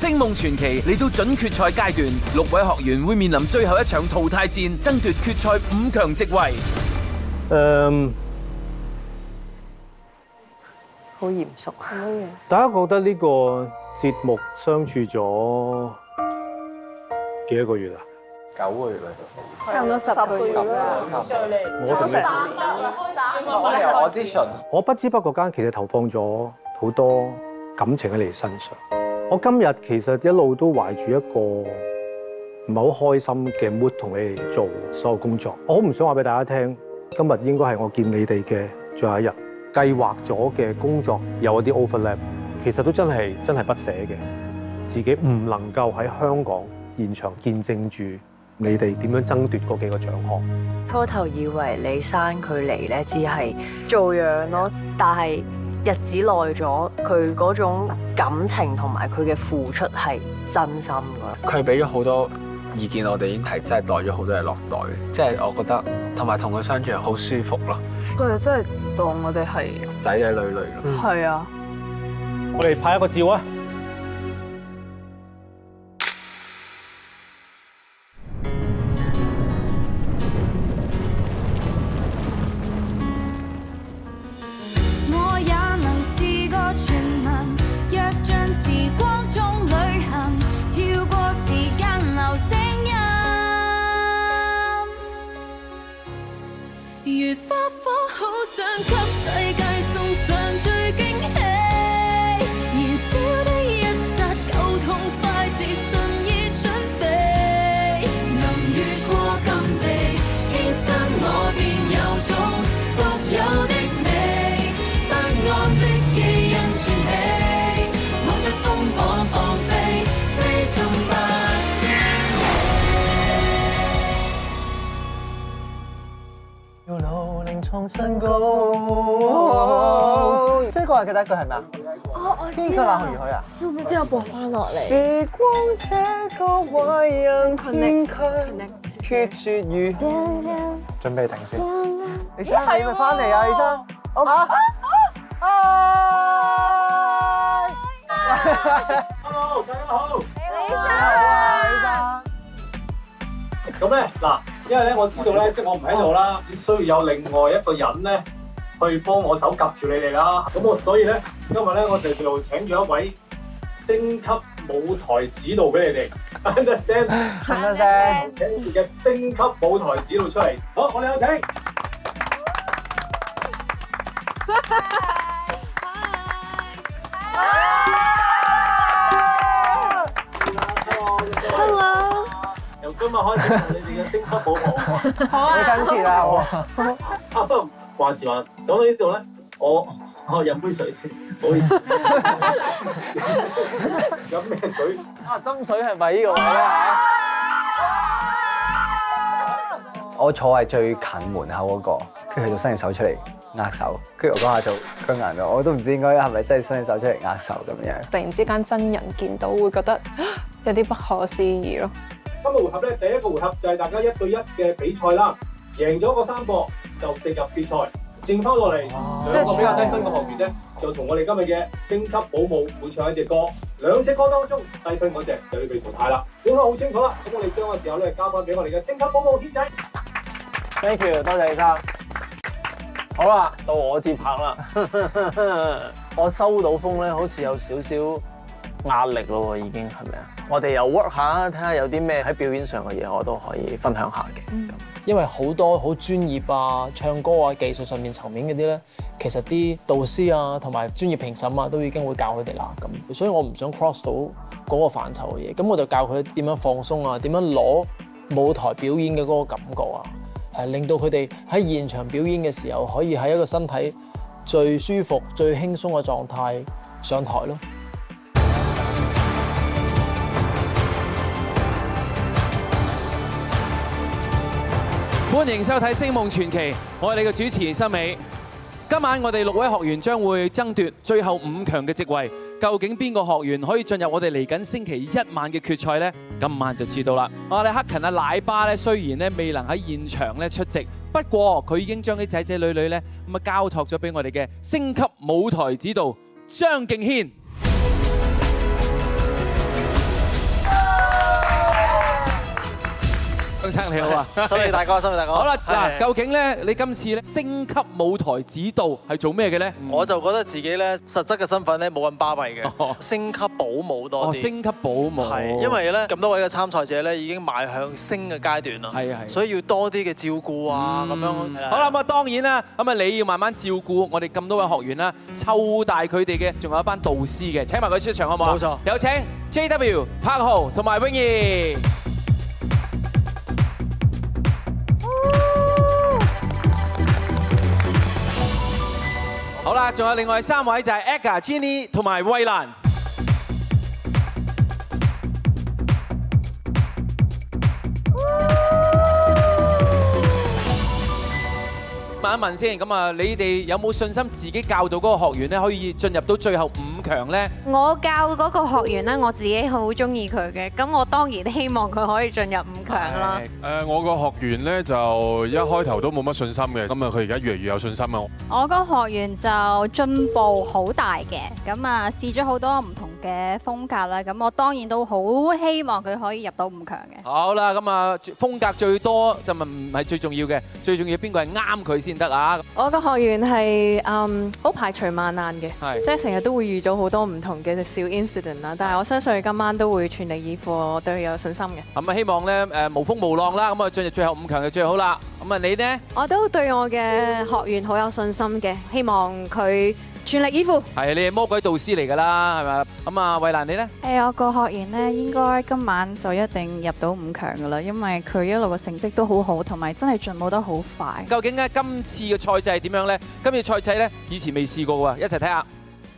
《星夢傳奇》嚟到準決賽階段，六位學員會面臨最後一場淘汰戰，爭奪決賽五強席位。嗯，好嚴肅，係咩嘢？大家覺得呢個節目相處咗幾多個月啊？九個月啦，差唔多十個月啦，我哋三得開盞，我知純。我不知不覺間，其實投放咗好多感情喺你哋身上。我今日其實一路都懷住一個唔係好開心嘅 mood 同你哋做所有工作，我好唔想話俾大家聽，今日應該係我見你哋嘅最後一日。計劃咗嘅工作有一啲 overlap，其實都真係真係不捨嘅，自己唔能夠喺香港現場見證住你哋點樣爭奪嗰幾個獎項。初頭以為李生佢嚟咧，只係做樣咯，但係。日子耐咗，佢嗰種感情同埋佢嘅付出係真心㗎。佢俾咗好多意見，我哋已經係真係袋咗好多嘢落袋。即係我覺得，同埋同佢相處好舒服咯。佢哋真係當我哋係仔仔女女咯。係啊，我哋拍一個照啊！要努力創新高。即係我話記得一句係咩啊？天降藍鴻如許啊！準備之後播翻落嚟。時光這個壞人，天降。決絕如，準備停先。李生係咪翻嚟啊？李生。好。好。Hi。Hello，大家好。你好。李生。做咩嗱？因為咧我知道咧，即係我唔喺度啦，必須要有另外一個人咧去幫我手夾住你哋啦。咁我所以咧，今日咧我哋就請咗一位升級舞台指導俾你哋。Understand？Understand？請住嘅升級舞台指導出嚟，好，我哋有請。Hello. Hello. 今日開始你們的婆婆，你哋嘅升級保姆好啊。好啊！好啊！好啊！好，不如話時話講到呢度咧，我我飲杯水先，唔好意思。飲咩水啊？斟水係咪呢個位咧，我坐喺最近門口嗰個，跟住佢伸隻手出嚟握手，跟住我嗰下就僵硬咗，我都唔知應該係咪真係伸隻手出嚟握手咁樣。突然之間真人見到會覺得有啲不可思議咯～今日回合咧，第一個回合就係大家一對一嘅比賽啦，贏咗個三個就進入決賽，剩翻落嚟兩個比較低分嘅學員咧，就同我哋今日嘅星級保姆會唱一隻歌，兩隻歌當中低分嗰隻就要被淘汰啦。應該好清楚啦，咁我哋將個時候咧，交翻俾我哋嘅星級保姆軒仔。Thank you，多謝醫生。好啦，到我接棒啦， 我收到風咧，好似有少少壓力咯，已經係咪啊？我哋又 work 下，睇下有啲咩喺表演上嘅嘢，我都可以分享下嘅。因為好多好專業啊、唱歌啊、技術上面層面嗰啲咧，其實啲導師啊同埋專業評審啊，都已經會教佢哋啦。咁所以我唔想 cross 到嗰個範疇嘅嘢。咁我就教佢點樣放鬆啊，點樣攞舞台表演嘅嗰個感覺啊，係令到佢哋喺現場表演嘅時候，可以喺一個身體最舒服、最輕鬆嘅狀態上台咯。歡迎收睇《星夢傳奇》，我係你嘅主持人森美。今晚我哋六位學員將會爭奪最後五強嘅席位，究竟邊個學員可以進入我哋嚟緊星期一晚嘅決賽呢？今晚就知道啦。我哋克勤、阿奶爸呢，雖然未能喺現場出席，不過佢已經將啲仔仔女女呢，交託咗俾我哋嘅星級舞台指導張敬軒。軒你好啊，辛苦大哥，辛苦大哥。好啦，嗱，究竟咧你今次咧星級舞台指導係做咩嘅咧？我就覺得自己咧實質嘅身份咧冇咁巴閉嘅，星級保姆多啲。哦，星級保姆。係，因為咧咁多位嘅參賽者咧已經邁向星嘅階段啦。係啊係。所以要多啲嘅照顧啊，咁樣。好啦，咁啊當然啦，咁啊你要慢慢照顧我哋咁多位學員啦，抽大佢哋嘅，仲有一班導師嘅，請埋佢出場好唔好？冇錯。有請 JW 柏豪同埋泳兒。好啦，仲有另外三位就係 AGA Jenny 同埋慧蘭。問一問先，咁啊，你哋有冇信心自己教到嗰個學員咧，可以進入到最後五強咧？我教嗰個學員咧，我自己好中意佢嘅，咁我當然希望佢可以進入五強啦。誒，我個學員咧就一開頭都冇乜信心嘅，咁啊，佢而家越嚟越有信心囉！我個學員就進步好大嘅，咁啊，試咗好多唔同嘅風格啦，咁我當然都好希望佢可以入到五強嘅。好啦，咁啊，風格最多就唔係最重要嘅，最重要邊個係啱佢先？得啦！我個學員係嗯，好排除萬難嘅，是的 即係成日都會遇到好多唔同嘅小 incident 啦。但係我相信佢今晚都會全力以赴，我對佢有信心嘅。咁啊，希望咧，誒，無風無浪啦。咁啊，進入最後五強嘅最好啦。咁啊，你呢？我都對我嘅學員好有信心嘅，希望佢。全力以赴係，你係魔鬼導師嚟噶啦，係咪？咁啊，衞蘭你咧？誒，我個學員咧，應該今晚就一定入到五強噶啦，因為佢一路嘅成績都好好，同埋真係進步得好快。究竟咧今次嘅賽制係點樣咧？今次賽制咧，以前未試過喎，一齊睇下。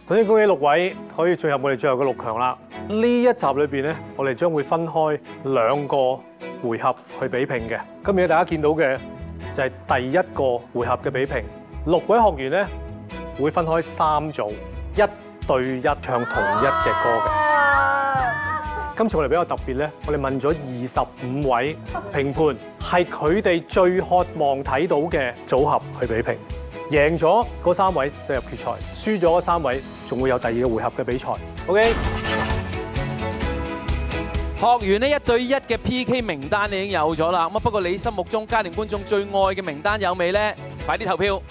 首先恭喜六位可以進入我哋最後嘅六強啦。呢一集裏邊咧，我哋將會分開兩個回合去比拼嘅。今日大家見到嘅就係第一個回合嘅比拼。六位學員咧。會分開三組，一對一唱同一隻歌嘅。今次我哋比較特別呢，我哋問咗二十五位評判，係佢哋最渴望睇到嘅組合去比拼。贏咗嗰三位進入決賽，輸咗嗰三位仲會有第二個回合嘅比賽。OK，學員呢一對一嘅 PK 名單你已經有咗啦。咁不過你心目中家庭觀眾最愛嘅名單有未呢？快啲投票！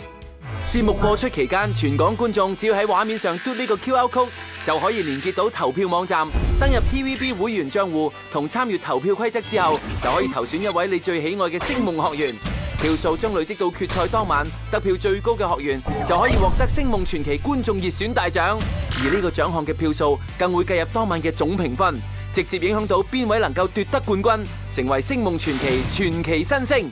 節目播出期間，全港觀眾只要喺畫面上嘟呢個 QR code 就可以連結到投票網站，登入 T V B 會員賬戶同參與投票規則之後，就可以投選一位你最喜愛嘅聲夢學員。票數將累積到決賽當晚，得票最高嘅學員就可以獲得聲夢傳奇觀眾熱選大獎。而呢個獎項嘅票數更會計入當晚嘅總評分，直接影響到邊位能夠奪得冠軍，成為聲夢傳奇傳奇新星。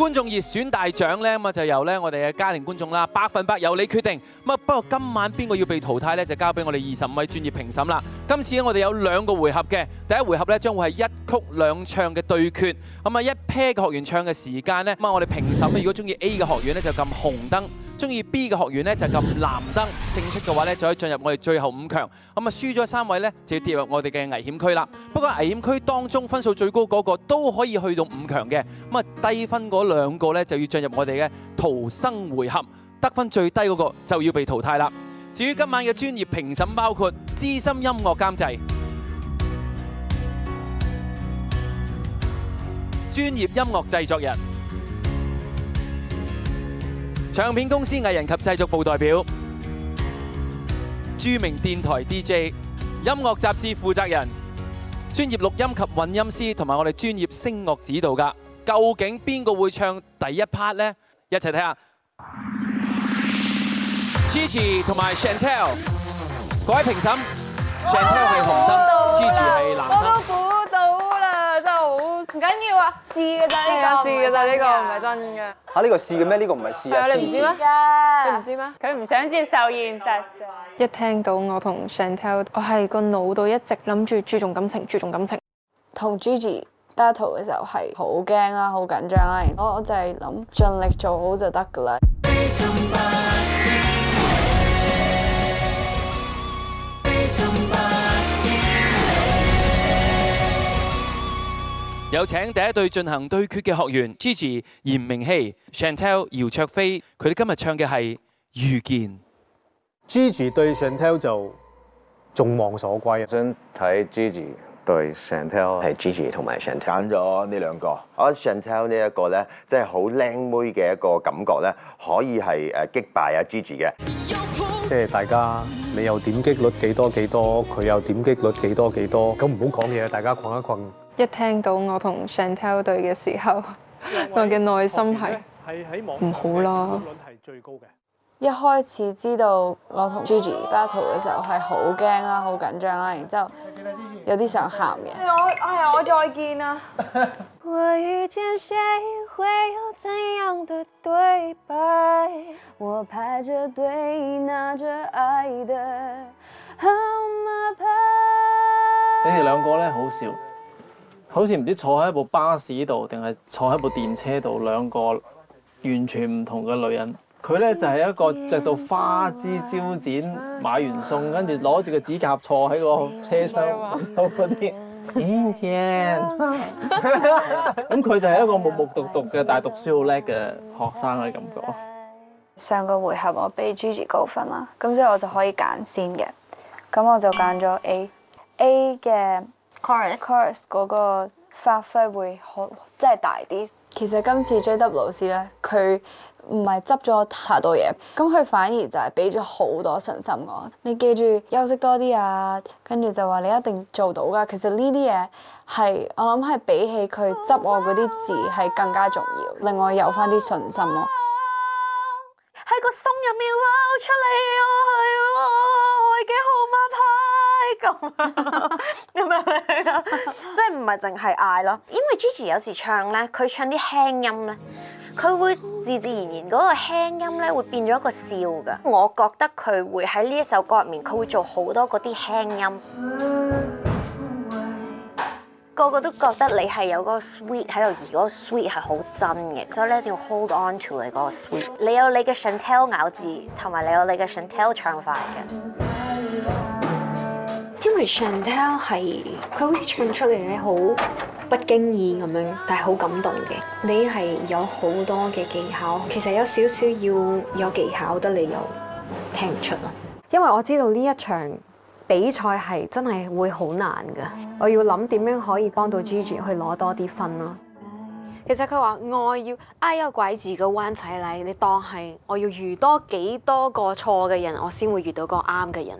觀眾熱選大獎咧，咁啊就由咧我哋嘅家庭觀眾啦，百分百由你決定。咁啊，不過今晚邊個要被淘汰咧，就交俾我哋二十五位專業評審啦。今次我哋有兩個回合嘅，第一回合咧將會係一曲兩唱嘅對決。咁啊，一 pair 嘅學員唱嘅時間咧，咁啊，我哋評審如果中意 A 嘅學員咧，就撳紅燈。中意 B 嘅學員咧，就撳藍燈。勝出嘅話咧，就可以進入我哋最後五強。咁啊，輸咗三位呢，就要跌入我哋嘅危險區啦。不過危險區當中分數最高嗰個都可以去到五強嘅。咁啊，低分嗰兩個咧就要進入我哋嘅逃生回合。得分最低嗰個就要被淘汰啦。至於今晚嘅專業評審包括資深音樂監製、專業音樂製作人。唱片公司藝人及製作部代表，著名電台 DJ，音樂雜誌負責人，專業錄音及混音師，同埋我哋專業聲樂指導噶。究竟邊個會唱第一 part 呢？一齊睇下，Gigi 同埋 Chantel，各位評審哇，Chantel 係紅燈，Gigi 係藍燈。唔緊要啊，試嘅咋呢個，試嘅咋呢個，唔係真嘅。嚇，呢個試嘅咩？呢個唔係試啊。你唔知咩？你唔知咩？佢唔想接受現實。一聽到我同 Chantelle，我係個腦度一直諗住注重感情，注重感情。同 Gigi battle 嘅時候係好驚啦，好緊張啦。我我就係諗盡力做好就得㗎啦。有請第一對進行對決嘅學員，Gigi 炎明熹、Chantelle 姚焯菲，佢哋今日唱嘅係《遇見》。Gigi 對 Chantelle 就眾望所歸啊！想睇 Gigi 對 Chantelle 係 Gigi 同埋 Chantelle。揀咗呢兩個，我 Chantelle 呢一個咧，即係好靚妹嘅一個感覺咧，可以係誒擊敗啊 Gigi 嘅。即係大家你又點擊率幾多幾多少，佢又點擊率幾多幾多少，咁唔好講嘢啊！大家講一講。一聽到我同 Chantel 對嘅時候，我嘅內心係係喺網，係最高嘅。一開始知道我同 Gigi battle 嘅時候係好驚啦，好緊張啦，然之後有啲想喊嘅。我係我再見啦！ 我遇見誰會有怎樣的對白？我排著隊拿著愛的號碼牌。你哋兩個咧，好笑。好似唔知坐喺一部巴士度定係坐喺部電車度，兩個完全唔同嘅女人。佢呢就係一個着到花枝招展，買完餸跟住攞住個指甲坐喺個車窗嗰啲。咁佢就係一個木木獨獨嘅，但係讀書好叻嘅學生嘅感覺。上個回合我俾 Gigi 高分啦，咁所以我就可以揀先嘅。咁我就揀咗 A A 嘅。chorus 嗰 Ch 個發揮會好，即係大啲。其實今次 J W 老師咧，佢唔係執咗太多嘢，咁佢反而就係俾咗好多信心我。你記住休息多啲啊，跟住就話你一定做到噶。其實呢啲嘢係我諗係比起佢執我嗰啲字係更加重要，令我有翻啲信心咯。喺個心入面挖出嚟我愛幾好可怕。 咁啊，咁啊，即係唔係淨係嗌咯？因為 Gigi 有時唱咧，佢唱啲輕音咧，佢會自自然然嗰個輕音咧會變咗一個笑嘅。我覺得佢會喺呢一首歌入面，佢會做好多嗰啲輕音。個個都覺得你係有個 sweet 喺度，而嗰個 sweet 係好真嘅，所以咧一定要 hold on to 你嗰個 sweet。你有你嘅 Chantelle 咬字，同埋你有你嘅 Chantelle 唱法嘅。因為 Chantel 係佢好似唱出嚟咧，好不經意咁樣，但係好感動嘅。你係有好多嘅技巧，其實有少少要有技巧得，你又聽唔出咯。因為我知道呢一場比賽係真係會好難噶，我要諗點樣可以幫到 Gigi 去攞多啲分咯。其實佢話愛要 I 有拐彎嘅彎仔嚟，你當係我要遇到多幾多個錯嘅人，我先會遇到一個啱嘅人。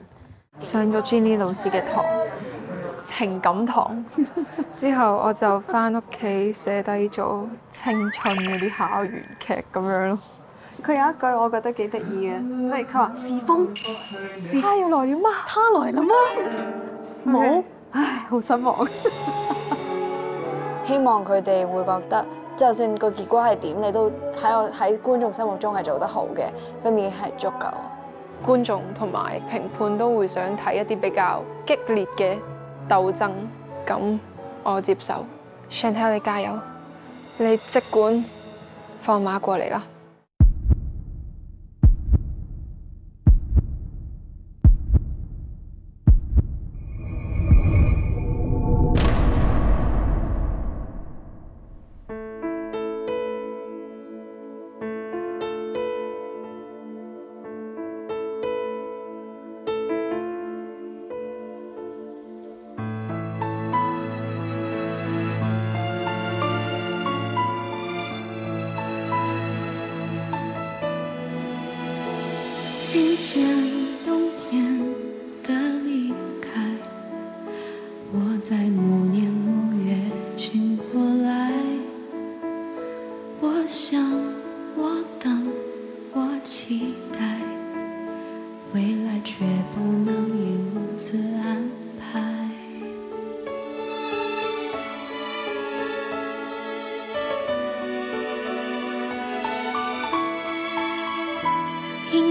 上咗 Jenny 老師嘅堂，情感堂之後，我就翻屋企寫低咗青春嗰啲校園劇咁樣咯。佢有一句我覺得幾得意嘅，即係佢話時風，時他要來了嗎？他來了嗎？冇有，唉，好失望。希望佢哋會覺得，就算個結果係點，你都喺我喺觀眾心目中係做得好嘅，咁已經係足夠。觀眾同埋評判都會想睇一啲比較激烈嘅鬥爭，咁我接受。Chantel，l 你加油，你即管放馬過嚟啦！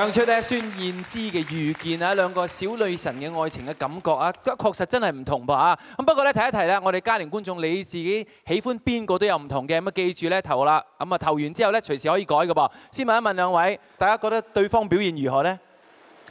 唱出咧孫燕姿嘅遇見啊，兩個小女神嘅愛情嘅感覺啊，都確實真係唔同噃啊！咁不過咧，提一提咧，我哋家庭觀眾你自己喜歡邊個都有唔同嘅，咁啊，記住咧投啦！咁啊，投完之後咧，隨時可以改㗎噃。先問一問兩位，大家覺得對方表現如何咧？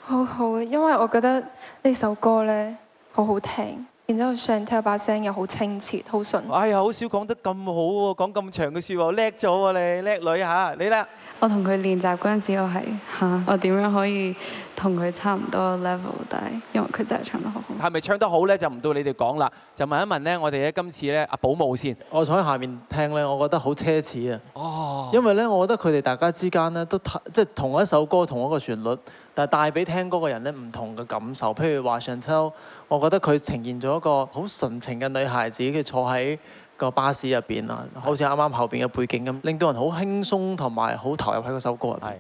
好好，啊！因為我覺得呢首歌咧好好聽，然之後唱出把聲又好清澈，順哎、好純。哎呀，好少講得咁好喎，講咁長嘅説話，叻咗喎你，叻女嚇，你啦。你我同佢練習嗰陣時，我係嚇，我點樣可以同佢差唔多 level？但係因為佢真係唱得好。係咪唱得好咧？就唔到你哋講啦，就問一問咧。我哋咧今次咧，阿保姆先。我坐喺下面聽咧，我覺得好奢侈啊。哦。因為咧，我覺得佢哋大家之間咧，都即係同一首歌，同一個旋律，但係帶俾聽歌嘅人咧唔同嘅感受。譬如話《上秋》，我覺得佢呈現咗一個好純情嘅女孩子，佢坐喺個巴士入邊啊，好似啱啱後邊嘅背景咁，令到人好輕鬆同埋好投入喺嗰首歌是的。係，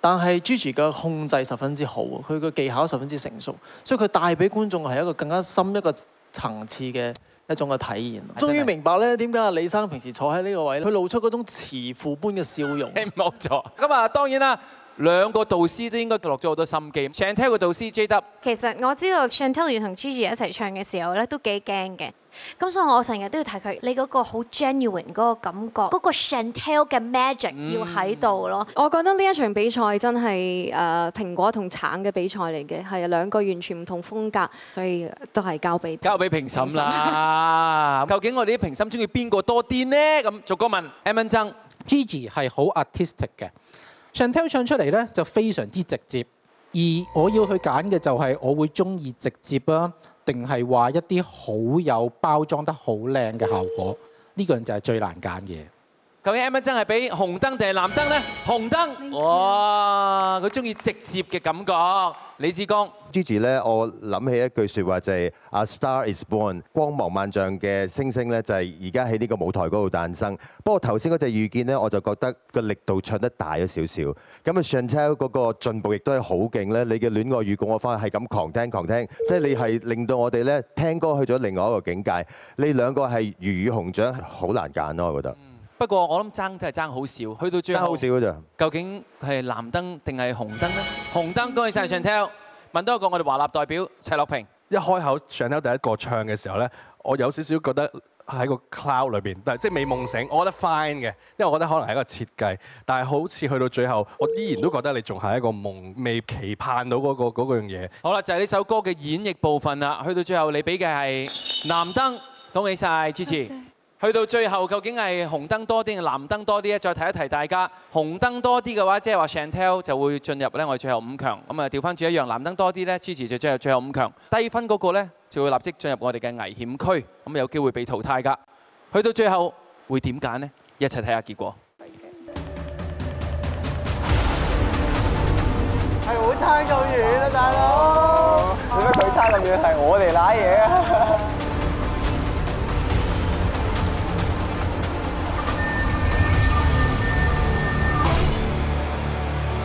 但係 Gigi 嘅控制十分之好，佢嘅技巧十分之成熟，所以佢帶俾觀眾係一個更加深一個層次嘅一種嘅體驗。終於明白咧，點解阿李生平時坐喺呢個位，佢露出嗰種慈父般嘅笑容。冇錯，咁啊，當然啦，兩個導師都應該落咗好多心機。Chantelle 嘅導師 JW。其實我知道 Chantelle 同 Gigi 一齊唱嘅時候咧，都幾驚嘅。咁所以我成日都要睇佢，你嗰個好 genuine 嗰個感覺，嗰、嗰個 Chantel 嘅 magic 要喺度咯。我覺得呢一場比賽真係誒蘋果同橙嘅比賽嚟嘅，係兩個完全唔同風格，所以都係交畀交畀評審啦。審 究竟我哋啲評審中意邊個多啲呢？咁逐個問。Emunz，Gigi 係好 artistic 嘅，Chantel 唱出嚟呢就非常之直接，而我要去揀嘅就係我會中意直接啦。定係話一啲好有包裝得好靚嘅效果，呢個人就係最難揀嘅。究竟 M N 真係畀紅燈定係藍燈呢？紅燈 Thank you. 哇，佢中意直接嘅感覺。李志剛，Gigi 咧，我諗起一句說話就係、是《A Star Is Born》，光芒萬丈嘅星星咧就係而家喺呢個舞台嗰度誕生。不過頭先嗰隻預見咧，我就覺得個力度唱得大咗少少。咁啊，Chantel 嗰個進步亦都係好勁咧。你嘅戀愛預告我返去係咁狂聽狂聽，即係、就是、你係令到我哋咧聽歌去咗另外一個境界。你兩個係魚與熊掌，好難揀咯，我覺得。不過我諗爭真係爭好少，去到最後好少咋。究竟係藍燈定係紅燈咧？紅燈恭喜晒！Chantel 問多一個我哋華納代表齊樂平。一開口 Chantel 第一個唱嘅時候咧，我有少少覺得喺個 cloud 裏邊，但係即係未夢醒。我覺得 fine 嘅，因為我覺得可能係一個設計，但係好似去到最後，我依然都覺得你仲係一個夢，未期盼到嗰、嗰個嗰樣嘢。好啦，就係、係、呢首歌嘅演繹部分啦，去到最後你俾嘅係藍燈，恭喜晒！支持。謝謝。去到最後，究竟係紅燈多啲定藍燈多啲咧？再提一提大家，紅燈多啲嘅話，即係話 Chantel 就會進入咧我哋最後五強。咁啊調翻轉一樣，藍燈多啲咧，Gigi 就進入最後五強。低分嗰個咧就會立即進入我哋嘅危險區，咁有機會被淘汰噶。去到最後會點揀呢？一齊睇下結果。係好差咁遠啦，大佬！點解佢差咁遠係我哋瀨嘢啊？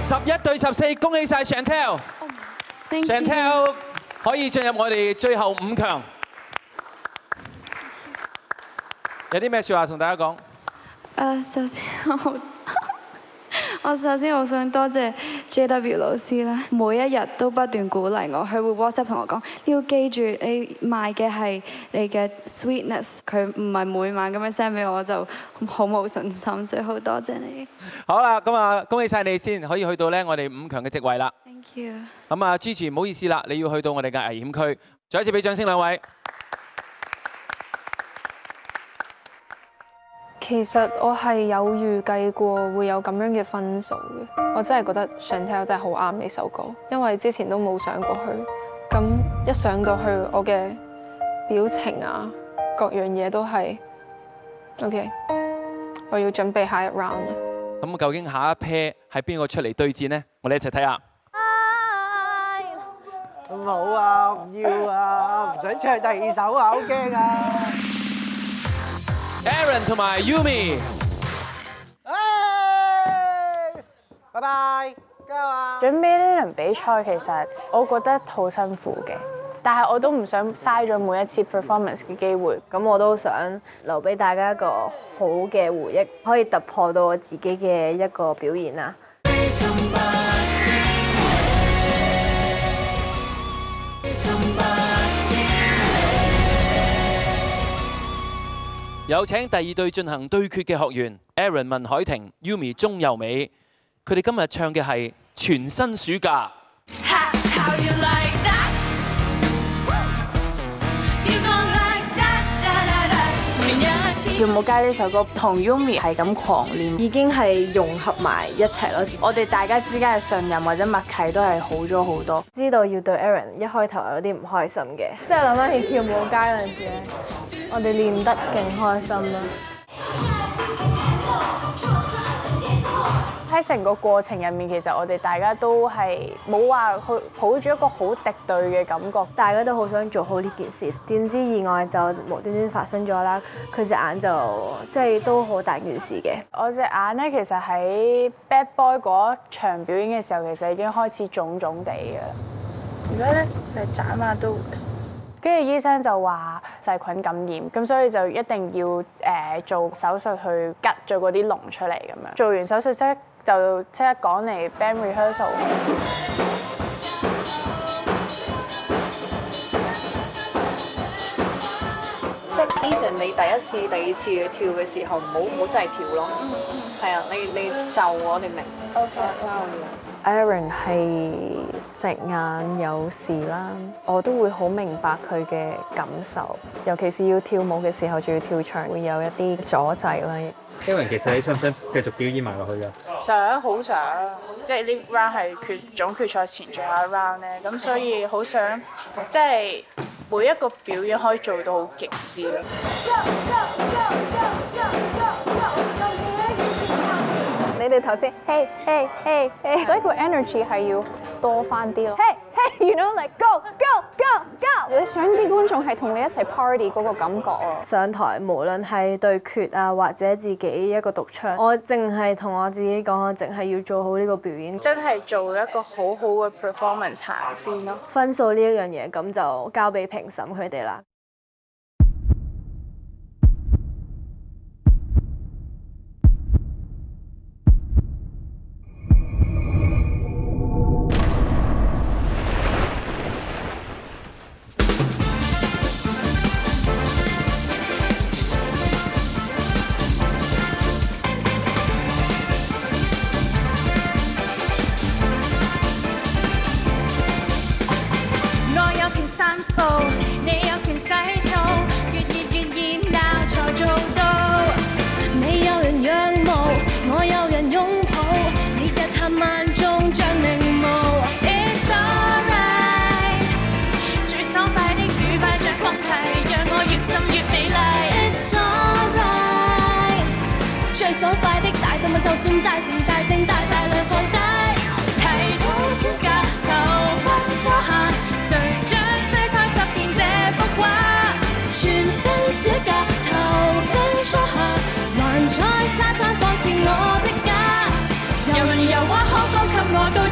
十一對十四，恭喜晒 Chantel，Chantel 可以進入我哋最後五強。有啲咩説話同大家講？誒，首先。我首先好想多謝，謝 JW 老師啦，每一日都不斷鼓勵我，佢會 WhatsApp 同我講，要記住你賣嘅係你嘅 sweetness，佢唔係每晚咁樣 send 俾我，就好冇信心，所以好多謝你。好啦，咁啊，恭喜晒你先，可以去到咧我哋五強嘅席位啦。Thank you。咁啊，Gigi 唔好意思啦，你要去到我哋嘅危險區，再一次俾掌聲兩位。其實我係有預計過會有咁樣嘅分數嘅，我真係覺得上我真係好啱呢首歌，因為之前都冇上,上過去，咁一上到去我嘅表情啊，各樣嘢都係 OK，我要準備下一 round。咁究竟下一 pair 係邊個出嚟對戰呢？我哋一齊睇下。冇啊，唔要啊，唔想唱第二首啊，好驚啊！Aaron 同埋 Yumi，拜拜，加油、hey！準備呢輪比賽，其實我覺得好辛苦嘅，但係我都唔想嘥咗每一次 performance 嘅機會，咁我都想留俾大家一個好嘅回憶，可以突破到我自己嘅一個表現啊。 有請第二隊進行對決嘅學員 Aaron 文凱婷、Yumi 鍾柔美，佢哋今日唱嘅係全新暑假。跳舞街呢首歌同 Yumi 係咁狂練，已經係融合埋一齊咯。我哋大家之間嘅信任或者默契都係好咗好多。知道要對 Aaron，一開頭有啲唔開心嘅。即係諗翻起跳舞街嗰陣時咧，我哋練得勁開心啦。 喺成個過程入面，其實我哋大家都係冇話去抱住一個好敵對嘅感覺，大家都好想做好呢件事。點知意外就無端端發生咗啦！佢隻眼就即係都好大件事嘅。我隻眼咧，其實喺 Bad Boy 嗰場表演嘅時候，其實已經開始腫腫地㗎喇。而家咧就眨下都跟住醫生就話細菌感染，咁所以就一定要誒做手術去拮咗嗰啲膿出嚟咁樣。做完手術即係。就即刻趕嚟 band rehearsal，即係 Aaron 你第一次、第二次去跳嘅時候，唔好好真係跳咯。嗯係啊，你你就我你明。多謝教練。Aaron 係隻眼有事啦，我都會好明白佢嘅感受，尤其是要跳舞嘅時候，仲要跳場，會有一啲阻滯啦。因為其實你想唔想繼續表演埋落去㗎？想，好想，即係呢 round 係決總決賽前最後一 round 咧，咁所以好想即係每一個表演可以做到好極致咯。你哋頭先嘿嘿嘿，hey 所以個 energy 係要多翻啲咯。嘿對，嘿、hey, you know，Let、like, go go go go。你想啲觀眾係同你一齊 party 嗰個感覺啊！上台無論係對決啊，或者自己一個獨唱，我淨係同我自己講，我淨係要做好呢個表演，真係做一個好好嘅 performance 先咯。分數呢一樣嘢，咁就交俾評審佢哋啦。仰慕我有人擁抱，烈日下萬眾像明霧。It's alright，最爽快的愉快着放題，讓我越浸越美麗。It's alright，最爽快的大動物就算大情大勝大大大量放低。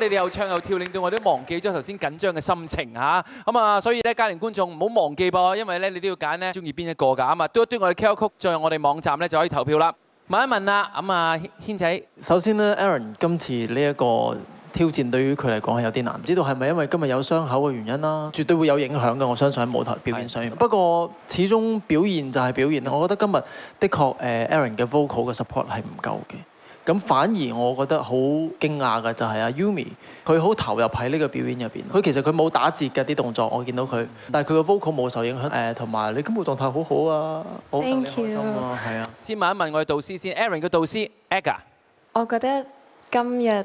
你哋又唱又跳，令到我都忘記咗頭先緊張嘅心情吓。咁啊，所以咧，家庭觀眾唔好忘記噃，因為咧，你都要揀咧，中意邊一個㗎。啊嘛，嘟一嘟，我哋 K 歌曲進入我哋網站咧，就可以投票啦。問一問啦。咁啊，軒仔，首先呢 Aaron 今次呢一個挑戰對於佢嚟講係有啲難，唔知道係咪因為今日有傷口嘅原因啦，絕對會有影響嘅。我相信喺舞台表演上，不過始終表現就係表現，我覺得今日的確誒 Aaron 嘅 vocal 嘅 support 係唔夠嘅。咁反而我覺得好驚訝嘅就係阿 Yumi，佢好投入喺呢個表演入邊，佢其實佢冇打折嘅啲動作，我見到佢，但係佢嘅 vocal 冇受影響。誒，同埋你今日狀態好好啊，好開心啊，係啊。先問一問我哋導師先 Aaron 嘅導師 Agga，我覺得今日。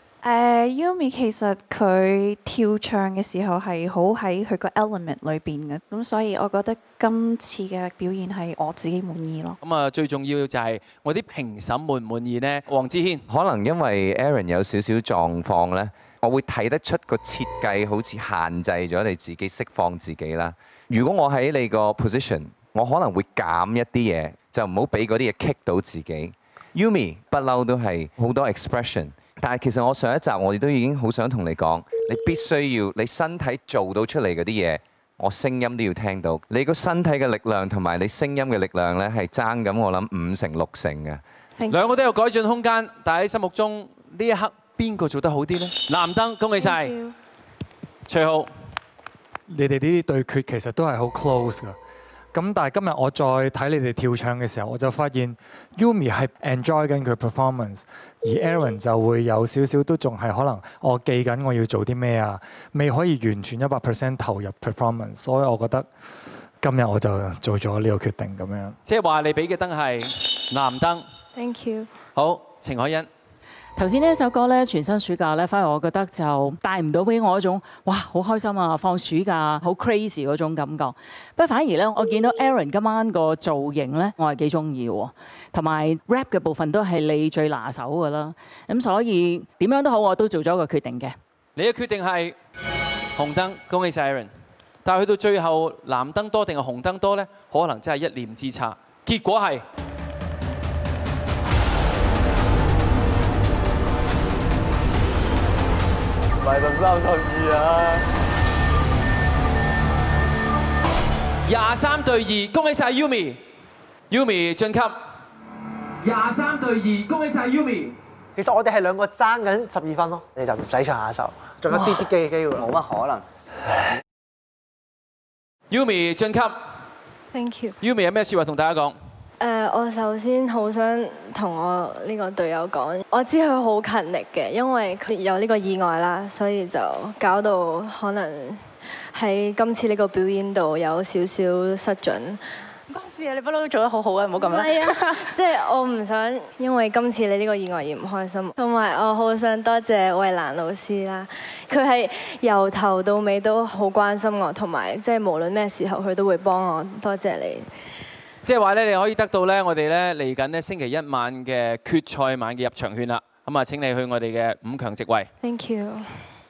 誒 Yumi 其實佢跳唱嘅時候係好喺佢個 element 裏面嘅，咁所以我覺得今次嘅表現係我自己滿意咯。咁啊，最重要就係我啲評審滿唔滿意呢？黃志軒可能因為 Aaron 有少少狀況呢，我會睇得出個設計好似限制咗你自己釋放自己啦。如果我喺你個 position，我可能會減一啲嘢，就唔好俾嗰啲嘢 kick 到自己。Yumi 不嬲都係好多 expression。但係其實我上一集我哋都已經好想同你講，你必須要你身體做到出嚟嗰啲嘢，我聲音都要聽到。你個身體嘅力量同埋你聲音嘅力量咧係爭咁，我諗五成六成嘅。兩個都有改進空間，但係喺心目中呢一刻邊個做得好啲呢？藍燈，恭喜晒。徐浩，你哋呢啲對決其實都係好 close 㗎。咁但係今日我再睇你哋跳唱嘅時候，我就發現 Yumi 係 enjoy 緊佢 performance，而 Aaron 就會有少少都仲係可能我記緊我要做啲咩啊，未可以完全一百 percent 投入 performance，所以我覺得今日我就做咗呢個決定咁樣。即係話你俾嘅燈係藍燈。Thank you。好，程海欣。頭先呢一首歌咧，全新暑假咧，反而我覺得就帶唔到俾我一種，哇，好開心啊，放暑假，好 crazy 嗰種感覺。不過反而咧，我見到 Aaron 今晚個造型咧，我係幾中意喎。同埋 rap 嘅部分都係你最拿手噶啦。咁所以點樣都好，我都做咗個決定嘅。你嘅決定係紅燈，恭喜晒 Aaron。但係去到最後，藍燈多定係紅燈多咧？可能真係一念之差。結果係。大順三十二啊！廿三對二，恭喜晒 Yumi，Yumi 晉級。廿三對二，恭喜晒 Yumi。其實我哋係兩個爭緊十二分咯，你就唔使唱下手，仲有啲啲機機會，冇乜可能。Yumi 晉級，Thank you。Yumi 有咩說話同大家講？誒，我首先好想同我呢個隊友講，我知佢好勤力嘅。因為佢有呢個意外啦，所以就搞到可能喺今次呢個表演度有少少失準。唔關事啊，你 不嬲都做得好好啊，唔好咁啦。係啊，即係我唔想因為今次你呢個意外而唔開心。同埋我好想多謝衛蘭老師啦，佢係由頭到尾都好關心我，同埋即係無論咩時候佢都會幫我。多謝你。即係話咧，你可以得到咧，我哋咧嚟緊呢星期一晚嘅決賽晚嘅入場券啦。咁啊，請你去我哋嘅五強席位謝謝。Thank you。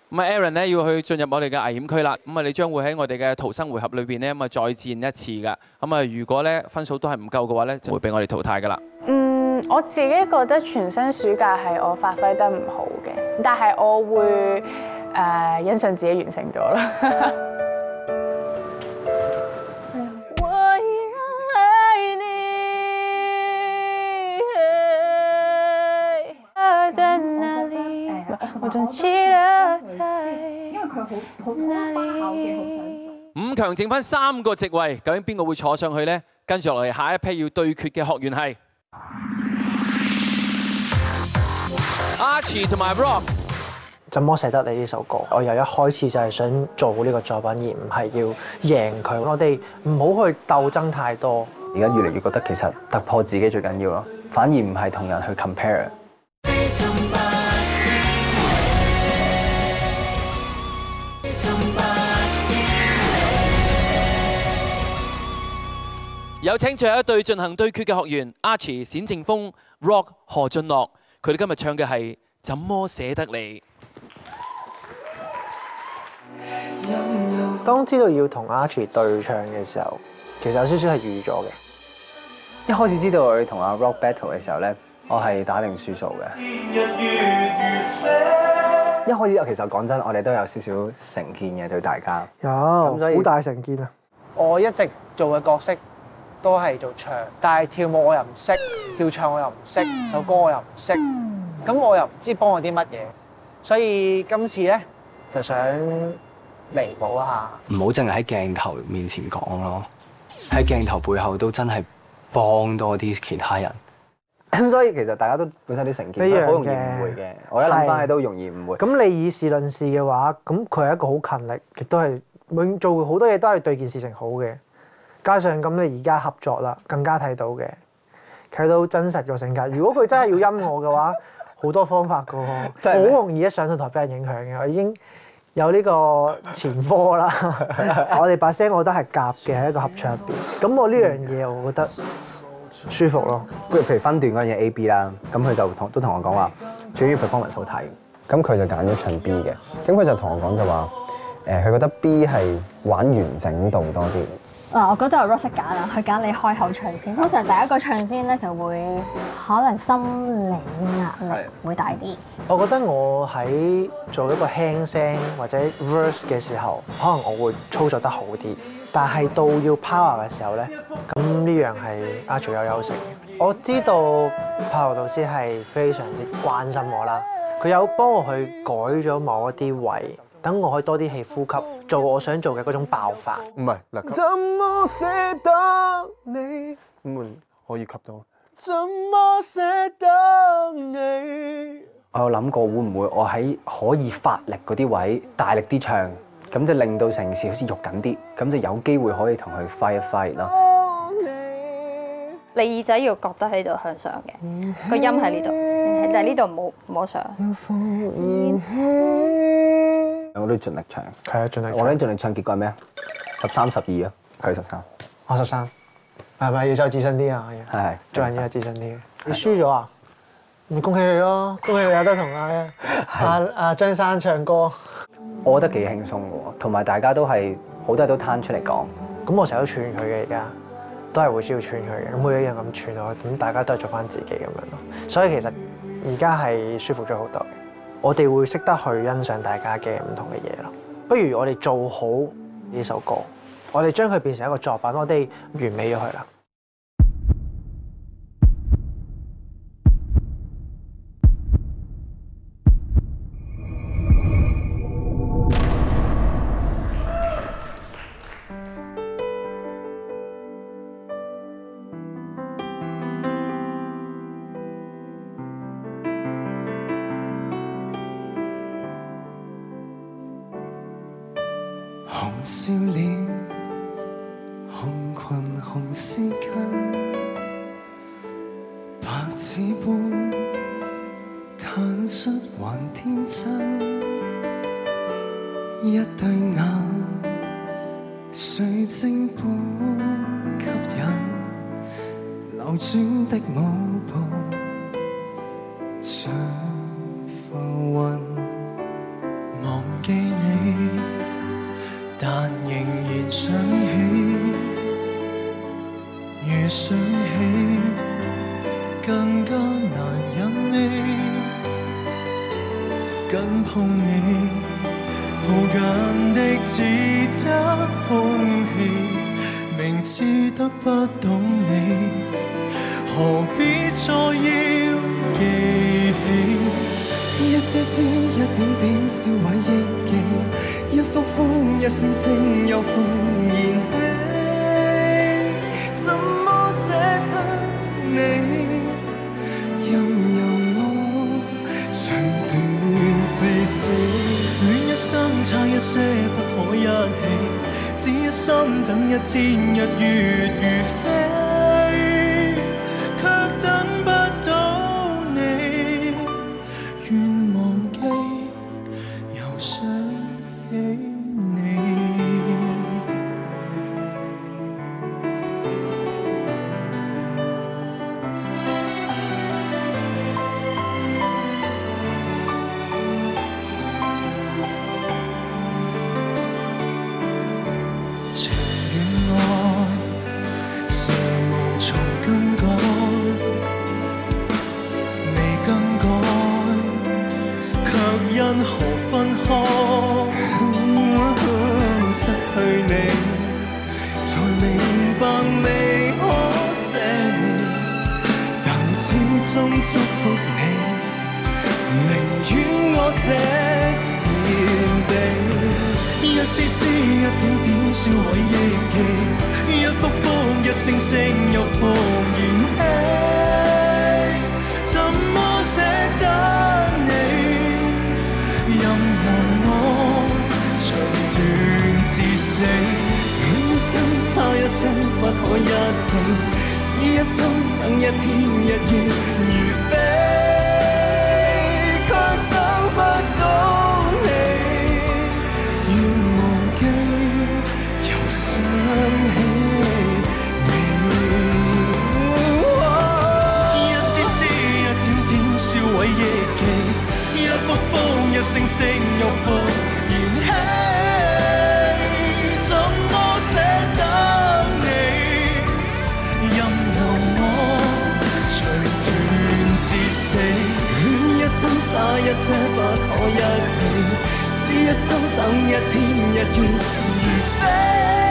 咁啊，Aaron 呢要去進入我哋嘅危險區啦。咁啊，你將會喺我哋嘅逃生回合裏邊咧，咁啊再戰一次噶。咁啊，如果咧分數都係唔夠嘅話咧，就會俾我哋淘汰噶啦。嗯，我自己覺得全身暑假係我發揮得唔好嘅，但係我會誒欣賞自己完成咗啦。 我想因為佢好好打，五強剩翻三個席位，究竟邊個會坐上去呢？跟住落嚟，下一批要對決嘅學員係 Archie 同埋 Brock。怎麼捨得你呢首歌？我由一開始就係想做好呢個作品，而唔係要贏佢。我哋唔好去鬥爭太多。而家越嚟越覺得其實突破自己最緊要咯，反而唔係同人去 compare。有請最後一對進行對決嘅學員阿 Archie 冼靖峰、Rock 何晉樂，佢哋今日唱嘅係《怎麼捨得你》。當知道要同阿 Archie 對唱嘅時候，其實有少少係預咗嘅。一開始知道佢同阿 Rock battle 嘅時候咧，我係打定輸數嘅。一開始我其實講真，我哋都有少少成見嘅對大家，有好以大成見啊！我一直做嘅角色。都係做唱，但係跳舞我又唔識，跳唱我又唔識，首歌我又唔識，咁我又唔知幫我啲乜嘢，所以今次呢，就想彌補一下。唔好淨係喺鏡頭面前講咯，喺鏡頭背後都真係幫多啲其他人。咁、嗯、所以其實大家都本身啲成見好容易誤會嘅，的我一諗翻起都容易誤會。咁對你以事論事嘅話，咁佢係一個好勤力，亦都係永做好多嘢都係對件事情好嘅。加上咁，你而家合作啦，更加睇到嘅，佢都真實個性格。如果佢真係要陰我嘅話，好 多方法噶，好容易一上到台俾人影響嘅。我已經有呢個前科啦。 我哋把聲，我覺得係夾嘅喺一個合唱入邊。咁我呢樣嘢，我覺得舒服咯。不如譬如分段嗰樣嘢 A B 啦，咁佢就同都同我講話，主要佢 performance 好睇，咁佢就揀咗唱 B 嘅。咁佢就同我講就話，誒、呃、佢覺得 B 係玩完整度多啲。我覺得係 Rose 揀啦，佢揀你開口唱先。通常第一個唱先咧，就會可能心理壓力會大啲的。我覺得我喺做一個輕聲或者 verse 嘅時候，可能我會操作得好啲。但係到要 power 嘅時候咧，咁呢樣係 Archie 有優勢。我知道 power 導師係非常之關心我啦，佢有幫我去改咗某一啲位。等我可以多啲氣呼吸，做我想做嘅嗰種爆發。唔係，嗱，咁可以吸到。怎麼捨得？你。我有諗過會唔會我喺可以發力嗰啲位大力啲唱，咁就令到成件事好似肉緊啲，咁就有機會可以同佢 fight 一 fight 咯。你耳仔要覺得喺度向上嘅，個、嗯、音喺呢度。但係呢度冇，冇諗過要放棄，我都要盡力唱。係啊，盡力。我都盡力唱，結果係咩？十三十二啊，係十三。我十三，係咪要再自信啲啊？係，最緊要係自信啲。你輸咗啊？咪是的 恭喜你咯！恭喜你有得同阿阿阿張生唱歌。是的 我覺得幾輕鬆喎，同埋大家都係好多人都攤出嚟講。咁我成日都串佢嘅而家，都係會需要串佢嘅。咁每一樣咁串落去，咁大家都係做翻自己咁樣咯。所以其實。而家係舒服咗好多，我哋會識得去欣賞大家嘅唔同嘅嘢咯。不如我哋做好呢首歌，我哋將佢變成一個作品，我哋完美咗佢啦。笑臉，紅裙紅絲巾百，白紙般坦率還天真，一對眼水晶般吸引，流轉的舞。為何分開？失去你，才明白未可惜。你。但始終祝福你，寧願我這田地，一絲絲、一點點，燒毀憶記；一幅幅、一聲聲，又復燃起。欠一生差一生，不可一起；只一心等一天日月如飛，卻等不到你。要忘記，又想起你。一絲絲，一點點，燒毀憶記；一幅幅，一聲聲，又復。掙扎一些不可一起，只一心等一天日月如飛。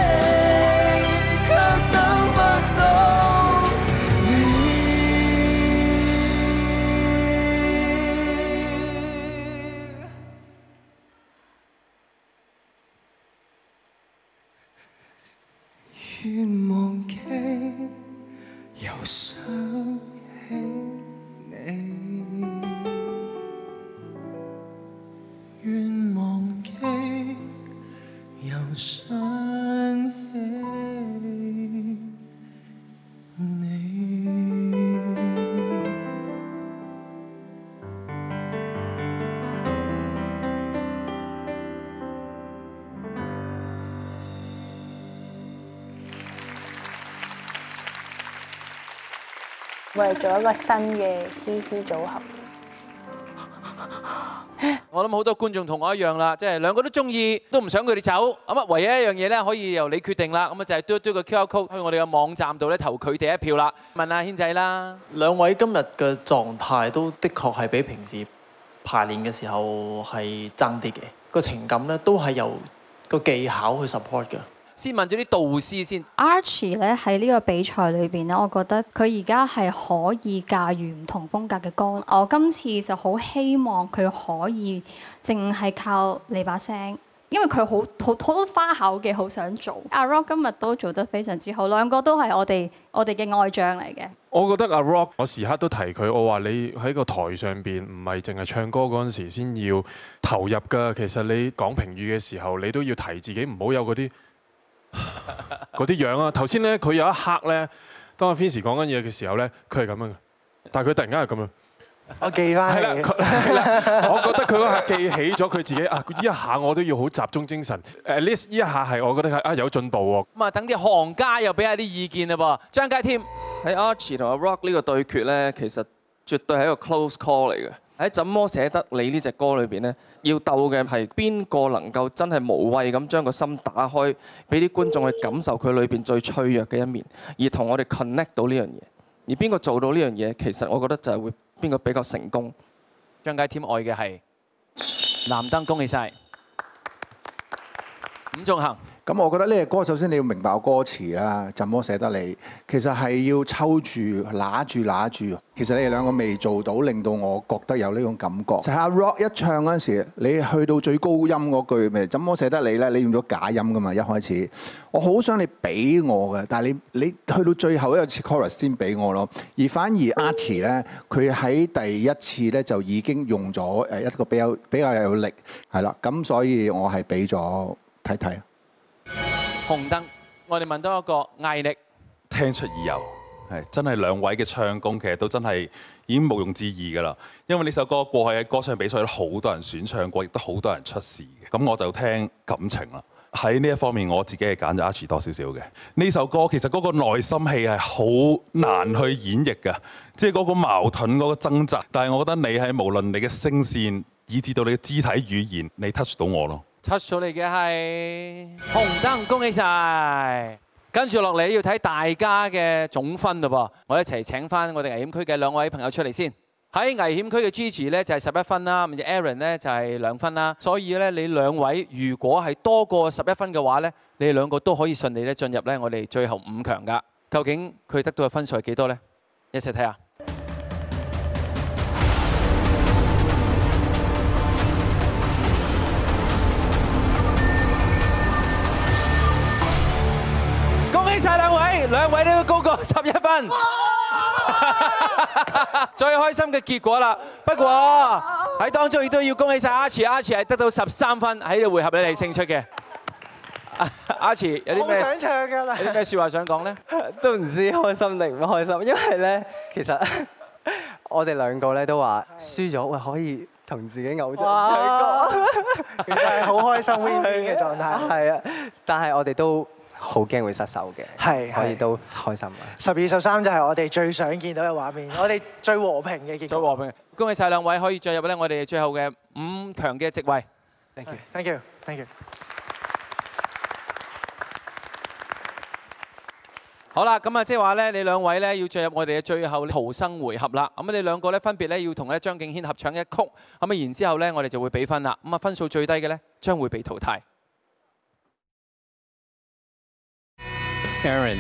我為咗一個新嘅 C C 組合。我諗好多觀眾同我一樣啦，即係兩個都中意，都唔想佢哋走。咁啊，唯一一樣嘢咧，可以由你決定啦。咁啊，就係嘟一嘟個 Q R code 去我哋嘅網站度咧投佢哋一票啦。問阿軒仔啦，兩位今日嘅狀態都的確係比平時排練嘅時候係爭啲嘅，個情感咧都係由個技巧去 support 嘅。先問咗啲導師先，Archie 咧喺呢個比賽裏邊咧，我覺得佢而家係可以駕馭唔同風格嘅歌。我今次就好希望佢可以淨係靠你把聲，因為佢好好好多花巧嘅，好想做。阿 Rock 今日都做得非常之好，兩個都係我哋我哋嘅愛將嚟嘅。我覺得阿 Rock，我時刻都提佢，我話你喺個台上邊唔係淨係唱歌嗰陣時先要投入㗎，其實你講評語嘅時候，你都要提自己，唔好有嗰啲。嗰啲樣啊！頭先咧，佢有一刻咧，當阿 Hins 講緊嘢嘅時候咧，佢係咁樣嘅。但係佢突然間係咁樣，我記翻。係啦，我覺得佢嗰刻記起咗佢自己啊！呢一下我都要好集中精神。At least，呢一下係我覺得係啊有進步喎。咁啊，等啲行家又俾下啲意見啦噃。張家添喺 Archie 同阿 Rock 呢個對決咧，其實絕對係一個 close call 嚟嘅。喺怎麼捨得你呢隻歌裏邊咧？要鬥嘅係邊個能夠真係無謂咁將個心打開，俾啲觀眾去感受佢裏面最脆弱嘅一面，而同我哋 connect 到呢樣嘢。而邊個做到呢樣嘢，其實我覺得就係會邊個比較成功。張佳添愛嘅係藍燈，恭喜晒！伍仲衡。咁我覺得呢個歌首先你要明白歌詞啦，怎麼捨得你其實係要抽住拿住拿住，其實你哋兩個未做到令我到我覺得有呢種感覺。就係阿 Rock 一唱嗰時時，你去到最高音嗰句咩？「怎麼捨得你呢？」你用咗假音噶嘛一開始。我好想你俾我嘅，但你你去到最後一次 chorus 先俾我咯。而反而阿慈呢，佢喺第一次呢，就已經用咗一個比較比有力係啦。咁所以我係俾咗睇睇。看看紅燈，我哋問多一個毅力，聽出耳油，真係兩位嘅唱功，其實都真係已經毋庸置疑㗎啦。因為呢首歌過去嘅歌唱比賽都好多人選唱過，亦都好多人出事嘅。咁我就聽感情啦。喺呢一方面，我自己係揀咗 Archie 多少少嘅。呢首歌其實嗰個內心戲係好難去演繹㗎，即係嗰個矛盾、嗰、嗰個掙扎。但係我覺得你喺無論你嘅聲線，以至到你嘅肢體語言，你 touch 到我咯。出咗嚟嘅係紅燈，恭喜晒！跟住落嚟要睇大家嘅總分嘞噃。我一齊請翻我哋危險區嘅兩位朋友出嚟先。喺危險區嘅 Gigi 呢就係十一分啦，而 Aaron 呢就係兩分啦。所以呢，你兩位如果係多過十一分嘅話呢，你哋兩個都可以順利咧進入呢我哋最後五強噶。究竟佢得到嘅分數係幾多呢？一齊睇下。兩位都高過十一分，最開心嘅結果啦！不過喺當中亦都要恭喜晒阿馳，阿馳係得到十三分喺度回合畀你勝出嘅。阿馳有啲咩好想唱㗎啦！有啲咩説話想講咧？都唔知開心定唔開心，因為咧，其實我哋兩個咧都話輸咗，喂，可以同自己偶像唱歌，其實係好開心 win win 嘅狀態。係啊，但係我哋都～好驚會失手嘅，係，可以都開心。十二十三就係我哋最想見到嘅畫面， 我哋最和平嘅結果。最和平，恭喜晒兩位可以進入咧我哋最後嘅五強嘅席位。Thank you，thank you，thank you。謝謝，好啦，咁啊，即係話咧，你兩位咧要進入我哋嘅最後逃生回合啦。咁你兩個咧分別咧要同咧張敬軒合唱一曲。咁啊，然之後咧，我哋就會俾分啦。咁啊，分數最低嘅咧將會被淘汰。Aaron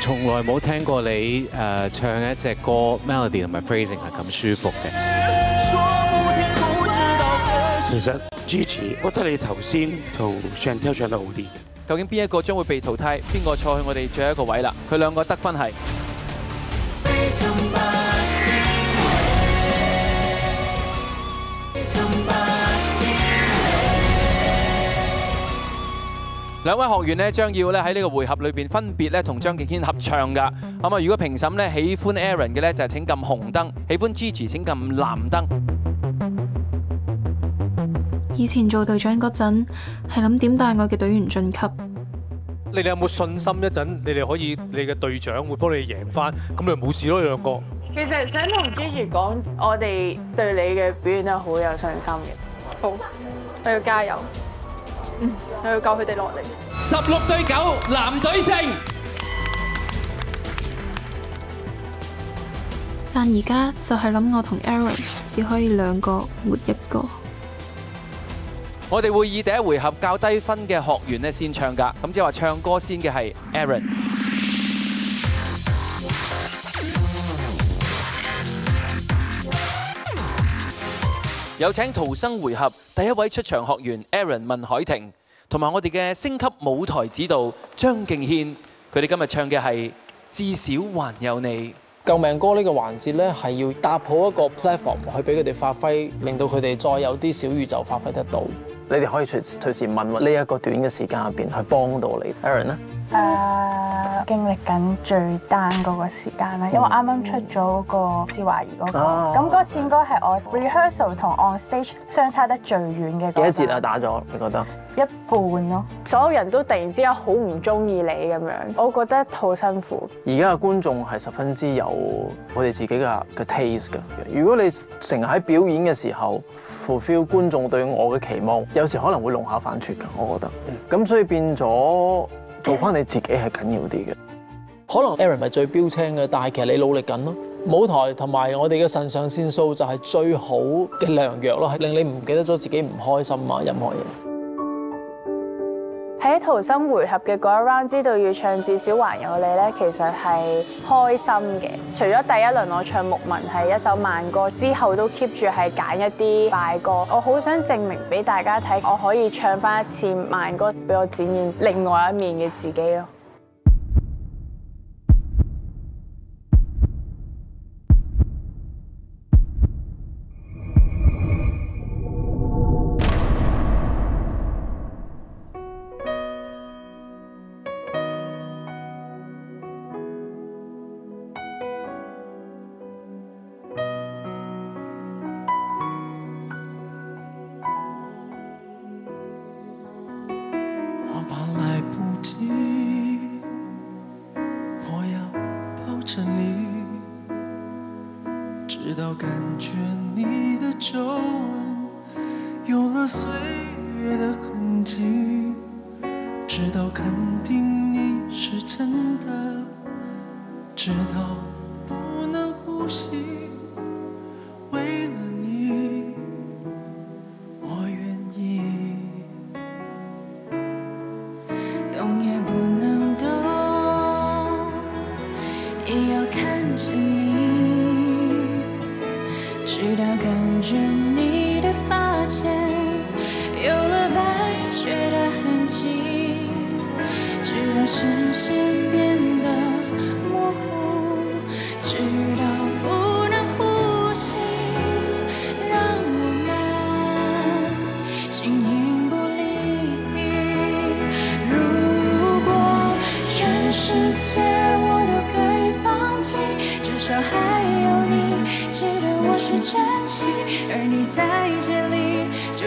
從來冇聽過你誒唱一隻歌 melody 同埋 phrasing 係咁舒服嘅。其實主持，我覺得你頭先同 Chantelle 唱得好啲嘅。究竟邊一個將會被淘汰？邊個坐去我哋最後一個位啦？佢兩個得分係。兩位學員咧將要咧喺呢個回合裏邊分別咧同張敬軒合唱噶。咁啊，如果評審咧喜歡 Aaron 嘅咧，就係請撳紅燈；喜歡 Gigi 請撳藍燈。以前做隊長嗰陣係諗點帶我嘅隊員晉級。你哋有冇信心一陣你哋可以你嘅隊長會幫你贏返？咁你冇事咯，兩個。其實想同 Gigi 講，我哋對你嘅表現都係好有信心嘅。好，我要加油。又要救佢哋落嚟。十六對九，男隊勝。但而家就係諗我同 Aaron 只可以兩個活一個。我哋會以第一回合較低分嘅學員咧先唱噶，咁即係話唱歌先嘅係 Aaron。有請《逃生回合》第一位出場學員 Aaron 文凱婷，同埋我哋嘅星級舞台指導張敬軒，佢哋今日唱嘅係《至少還有你》。救命歌呢個環節呢，係要搭好一個 platform 去俾佢哋發揮，令到佢哋再有啲小宇宙發揮得到。你哋可以隨隨時問，呢一個短嘅時間入邊去幫到你，Aaron 呢？誒、uh, 經歷緊最 down 嗰個時間啦，因為啱啱出咗嗰個，那個《志華兒》嗰個，咁嗰次應該係我 rehearsal 同 on stage 相差得最遠嘅，那個。幾多節啊？打咗你覺得？一半咯，所有人都突然之間好唔中意你咁樣，我覺得好辛苦。而家嘅觀眾係十分之有我哋自己嘅嘅 taste 㗎。如果你成日喺表演嘅時候 fulfil 觀眾對我嘅期望，有時可能會弄巧反拙㗎。我覺得，咁所以變咗。做翻你自己係緊要啲嘅，可能 e a r o n 係最標青嘅，但係其實你努力緊咯。舞台同埋我哋嘅神上線 s 就係最好嘅良藥咯，令你唔記得咗自己唔開心啊，任何嘢。喺逃生回合嘅嗰一 round，知道要唱至少還有你咧，其實，係開心嘅。除咗第一輪我唱牧民係一首慢歌之後都 keep 住係揀一啲快歌。我好想證明俾大家睇，我可以唱翻一次慢歌，俾我展現另外一面嘅自己咯。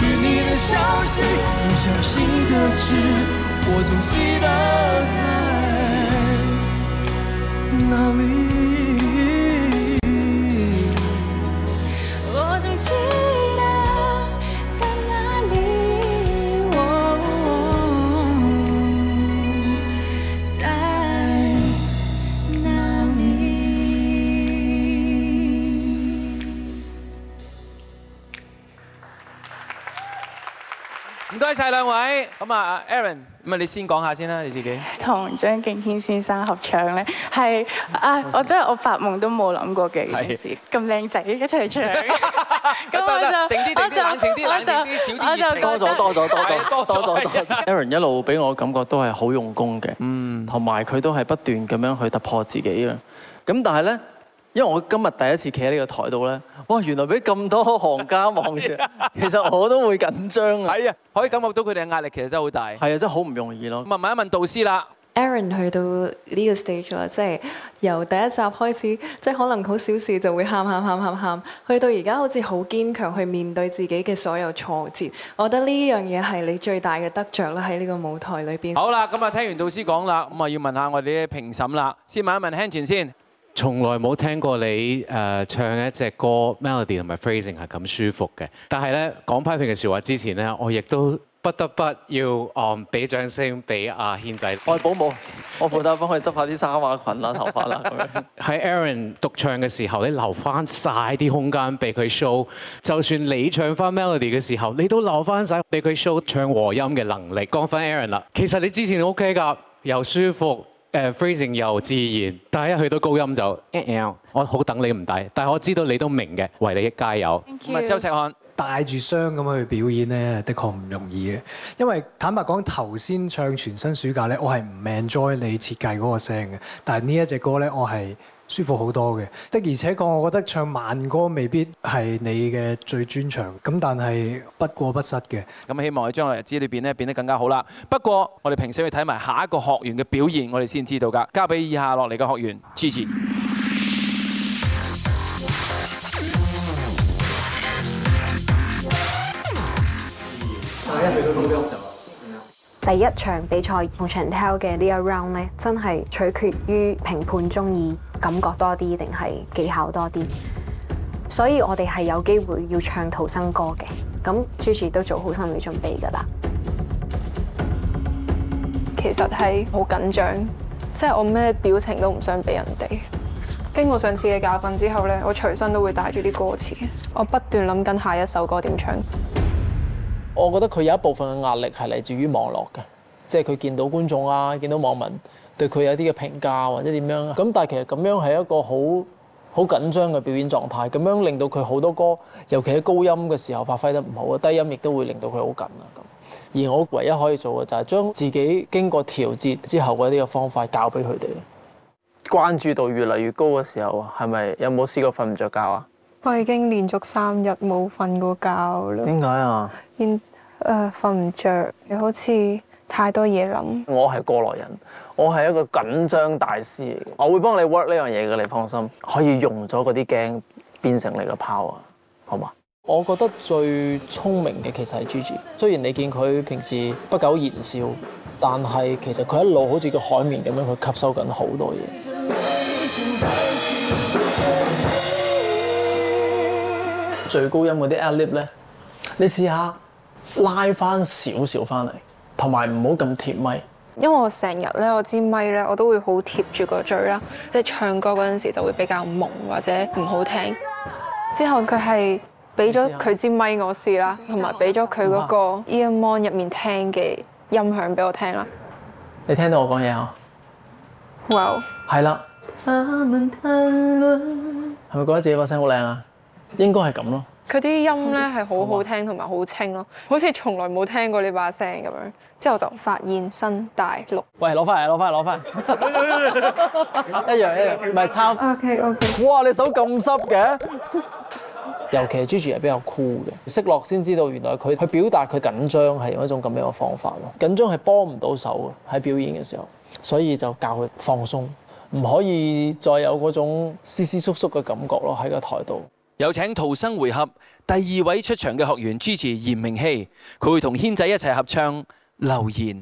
失去你的消息，你掌心的痣，我總記得在哪裏。多謝兩位。咁啊，Aaron，咁啊，你先講下先啦，你自己同張敬軒先生合唱咧，係啊，我真係我發夢都冇諗過嘅件事，咁靚仔一齊唱。咁我就冷靜啲冷靜啲冷靜啲多咗多咗多咗多咗多咗。Aaron 一路俾我感覺都係好用功嘅，嗯，同埋佢都係不斷咁樣去突破自己嘅。咁但係咧。因為我今日第一次企喺呢個台度咧，哇！原來俾咁多行家望住，其實我都會緊張啊。係啊，可以感覺到佢哋嘅壓力其實真係好大。係啊，真係好唔容易咯。咁啊，問一問導師啦。Aaron 去到呢個 stage 啦，即係由第一集開始，即係可能好小事就會喊喊喊喊喊，去到而家好似好堅強去面對自己嘅所有挫折。我覺得呢樣嘢係你最大嘅得着啦，喺呢個舞台裏邊。好啦，咁啊，聽完導師講啦，咁啊，要問下我哋嘅評審啦。先問一問 Hanson 先。從來冇聽過你誒唱一隻歌 melody 同埋 phrasing 係咁舒服嘅。但係咧，講批評嘅説話之前咧，我亦都不得不要誒俾、um, 掌聲俾阿軒仔。我係保姆，我負責幫佢執下啲衫啦裙啦、 頭髮啦。喺 Aaron 獨唱嘅時候，你留翻晒啲空間俾佢 show。就算你唱翻 melody 嘅時候，你都留翻晒俾佢 show 唱和音嘅能力。講翻 Aaron 啦。其實你之前 OK 㗎，又舒服。誒 freezing 又自然，但係一去到高音就，音我好等你唔抵，但係我知道你都明嘅，為你一加油。唔係 Thank you.，周卓翰帶住傷咁去表演咧，的確唔容易嘅。因為坦白講頭先唱全新暑假咧，我係唔 enjoy 你設計嗰個聲嘅，但係呢一隻歌咧，我係。舒服好多嘅，的而且確，我覺得唱慢歌未必係你嘅最專長。咁但係不過不失嘅，咁希望喺將來日子入邊咧，變得更加好啦。不過我哋平時去睇埋下一個學員嘅表現，我哋先知道㗎。交俾以下落嚟嘅學員 Gigi。第一場比賽同 Chantel 嘅呢一 round 咧，真係取決於評判中意感覺多啲定係技巧多啲，所以我哋係有機會要唱逃生歌嘅。咁 Gigi 都做好心理準備㗎啦。其實係好緊張，即係我咩表情都唔想俾人哋。經過上次嘅教訓之後咧，我隨身都會帶住啲歌詞。我不斷諗緊下一首歌點唱。我覺得佢有一部分嘅壓力係嚟自於網絡嘅，即係佢見到觀眾啊，見到網民對佢有啲嘅評價或者點樣。咁但係其實咁樣係一個好好緊張嘅表演狀態，咁樣令到佢好多歌，尤其喺高音嘅時候發揮得唔好，低音亦都會令到佢好緊啊。咁而我唯一可以做嘅就係將自己經過調節之後嗰啲嘅方法教俾佢哋。關注度越嚟越高嘅時候，啊，係咪有冇試過瞓唔着覺啊？我已經連續三日冇瞓過覺啦好了 何。點解啊？誒瞓唔着，你好似太多嘢諗。我係過來人，我係一個緊張大師，我會幫你 work 呢樣嘢嘅，你放心，可以用咗嗰啲驚變成你嘅 power，好嗎？我覺得最聰明嘅其實係 Gigi，雖然你見佢平時不苟言笑，但係其實佢一路好似個海綿咁樣去吸收緊好多嘢。最高音嗰啲 ad-lib 咧，你試下。拉翻少少翻嚟，同埋唔好咁貼咪。因為我成日咧，我支咪咧，我都會好貼住個嘴啦。即係唱歌嗰陣時就會比較朦或者唔好聽。之後佢係俾咗佢支咪我試啦，同埋俾咗佢嗰個 earphone 入面聽嘅音響俾我聽啦。你聽到我講嘢啊？哇！係啦。係咪覺得自己把聲好靚啊？應該係咁咯。佢啲音咧，係好好聽，同埋好清嗎咯，好似從來冇聽過呢把聲咁樣。之後就發現新大陸。喂，攞翻嚟，攞翻嚟，攞翻嚟。 一樣一樣，唔係差。OK OK。哇，你手咁濕嘅。 尤其 Gigi 係比較酷嘅。識落先知道原來佢佢表達佢緊張係用一種咁樣嘅方法咯。緊張係幫唔到手嘅，喺表演嘅時候，所以就教佢放鬆，唔可以再有嗰種斯斯縮縮嘅感覺咯喺個台度。有請逃生回合第二位出場嘅學員，主持炎明熹，佢會同軒仔一齊合唱《留言》。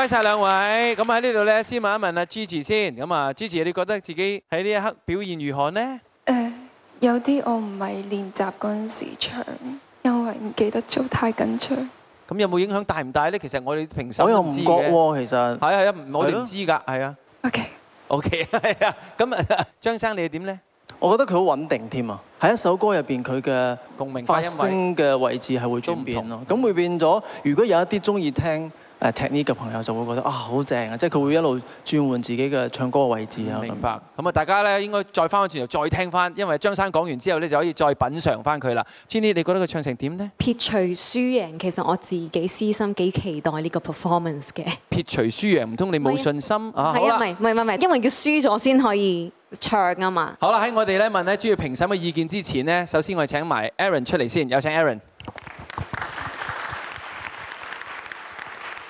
多謝兩位。咁喺呢度咧，先問一問阿 Gigi 先。咁啊，Gigi，你覺得自己喺呢一刻表現如何咧？誒，有啲我唔係練習嗰陣時唱，因為唔記得做，太緊張。咁有冇影響大唔大咧？其實我哋評審都知嘅。我又唔覺喎，其實。係啊係啊，我哋知㗎，係啊。O K O K，係啊。咁啊，張生你點咧？我覺得佢好穩定添啊。喺一首歌入邊，佢嘅共鳴發聲嘅位置係會轉變咯。咁會變咗，如果有一啲中意聽，誒 Tiffany 嘅朋友就會覺得啊好正啊，即係佢會一路轉換自己嘅唱歌嘅位置啊。明白。咁啊，大家咧應該再翻返轉頭再聽翻，因為張生講完之後咧就可以再品嚐翻佢啦。Tiffany，你覺得佢唱成點咧？撇除輸贏，其實我自己私心幾期待呢個 performance 嘅。撇除輸贏，唔通你冇信心啊？唔係，好啦，唔係唔係唔係，因為要輸咗先可以唱啊嘛。好啦，喺我哋咧問咧主要評審嘅意見之前呢，首先我哋請埋 Aaron 出嚟先，有請 Aaron。